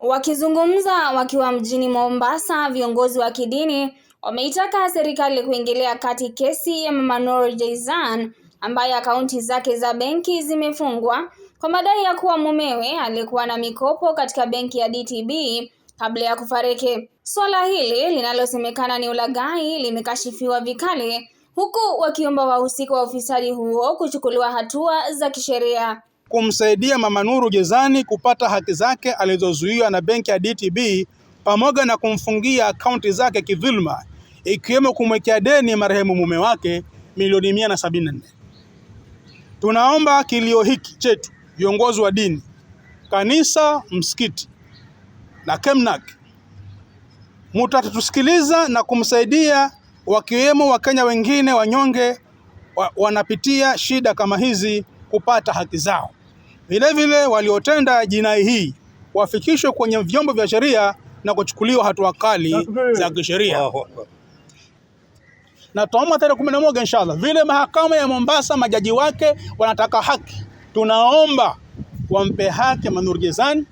Wakizungumza wakiwa mjini Mombasa, viongozi wa kidini wameitaka serikali kuingilia kati kesi ya Mama Noor Jeizan ambaye akaunti zake za benki zimefungwa kwa madai ya kuwa mumewe alikuwa na mikopo katika benki ya DTB kabla ya kufariki. Suala hili linalosemekana ni ulaghai limekashifiwa vikali huku wakiomba wahusika wa ufisadi huo kuchukuliwa hatua za kisheria kumsaidia Mama Nuru Jezani kupata haki zake alizozuiwa na benki ya DTB pamoja na kumfungia akaunti zake kidhulma ikiwemo kumwekea deni marehemu mume wake milioni mia na sabini na nne. Tunaomba kilio hiki chetu, viongozi wa dini, kanisa, msikiti na Kemnak mutatusikiliza na kumsaidia, wakiwemo Wakenya wengine wanyonge wanapitia shida kama hizi kupata haki zao. Vilevile waliotenda jinai hii wafikishwe kwenye vyombo vya sheria na kuchukuliwa hatua kali za kisheria. Na tutaamua tarehe kumi na moja inshallah. Vile mahakama ya Mombasa majaji wake wanataka haki, tunaomba wampe haki Manur Jezani,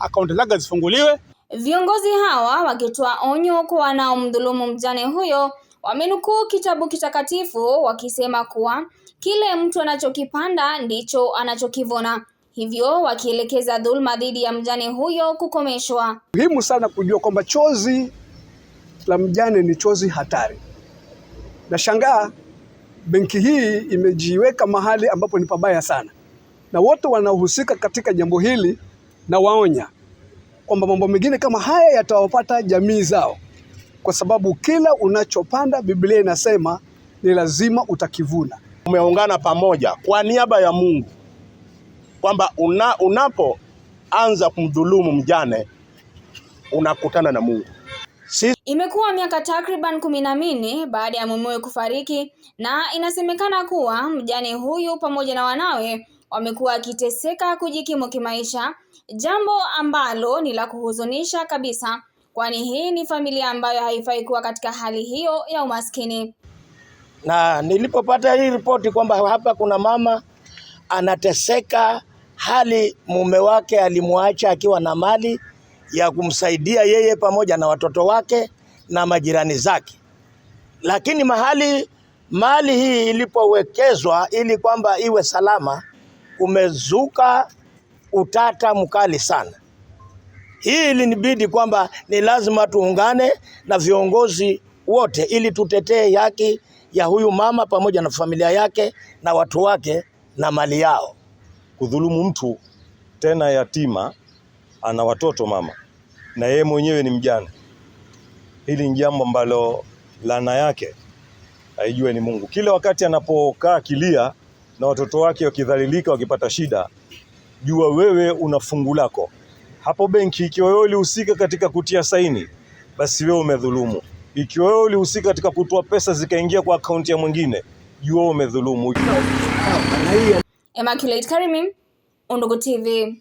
akaunti zake zifunguliwe. Viongozi hawa wakitoa onyo kwa wanaomdhulumu mjane huyo wamenukuu kitabu kitakatifu wakisema kuwa kile mtu anachokipanda ndicho anachokivuna hivyo wakielekeza dhulma dhidi ya mjane huyo kukomeshwa. Muhimu sana kujua kwamba chozi la mjane ni chozi hatari. Nashangaa benki hii imejiweka mahali ambapo ni pabaya sana, na wote wanaohusika katika jambo hili na waonya kwamba mambo mengine kama haya yatawapata jamii zao, kwa sababu kila unachopanda Biblia inasema ni lazima utakivuna. Umeungana pamoja kwa niaba ya Mungu kwamba una, unapoanza kumdhulumu mjane unakutana na Mungu. Si... Imekuwa miaka takriban kumi na nne baada ya mumewe kufariki na inasemekana kuwa mjane huyu pamoja na wanawe wamekuwa akiteseka kujikimu kimaisha, jambo ambalo ni la kuhuzunisha kabisa, kwani hii ni familia ambayo haifai kuwa katika hali hiyo ya umaskini. Na nilipopata hii ripoti kwamba hapa kuna mama anateseka hali mume wake alimwacha akiwa na mali ya kumsaidia yeye pamoja na watoto wake na majirani zake, lakini mahali mali hii ilipowekezwa ili kwamba iwe salama, umezuka utata mkali sana. Hii ilinibidi kwamba ni lazima tuungane na viongozi wote ili tutetee haki ya huyu mama pamoja na familia yake na watu wake na mali yao kudhulumu mtu tena yatima, ana watoto mama, na yeye mwenyewe ni mjane. Hili ni jambo ambalo laana yake haijue ni Mungu. Kila wakati anapokaa kilia na watoto wake wakidhalilika, wakipata shida, jua wewe una fungu lako hapo benki. Ikiwa wewe ulihusika katika kutia saini, basi wewe umedhulumu. Ikiwa wewe ulihusika katika kutoa pesa zikaingia kwa akaunti ya mwingine, jua umedhulumu. Immaculate karimi Undugu TV.